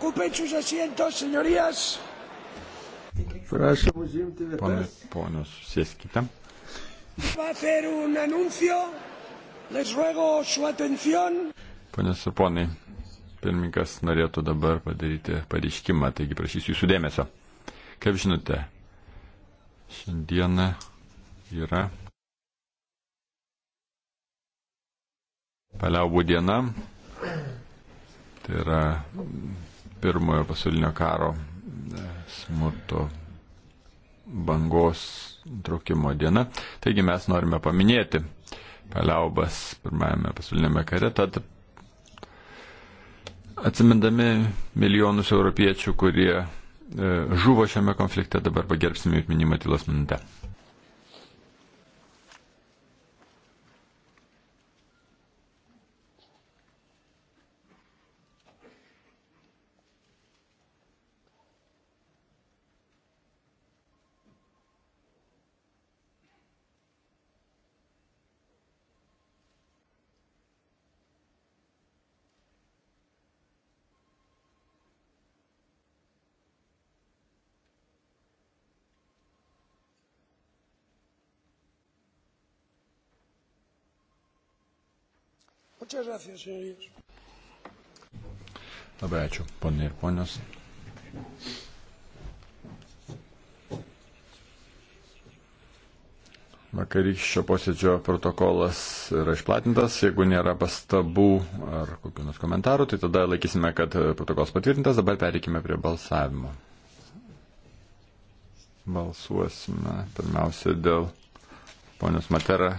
Ocupen sus asientos, señorías. Prašom užimti vietas. Ponios, sėskite. Va a hacer un anuncio. Les ruego su atención. Ponios ir ponai, pirmininkas norėtų dabar padaryti pareiškimą, taigi prašysiu jūsų dėmesio. Kaip žinote, šiandieną yra paliaubų diena. Tai yra pirmojo pasaulinio karo e, smurto bangos traukimo diena. Taigi mes norime paminėti paliaubas pirmajame pasaulinėme kare, tad atsimindami milijonus europiečių, kurie e, žuvo šiame konflikte, dabar pagerbsime jų atminimą tylos minutę. Labai ačiū, ponai ir ponios. Vakarykščio posėdžio protokolas yra išplatintas. Jeigu nėra pastabų ar kokių nors komentarų, tai tada laikysime, kad protokolas patvirtintas. Dabar pereikime prie balsavimo. Balsuosime pirmiausia dėl ponios Matera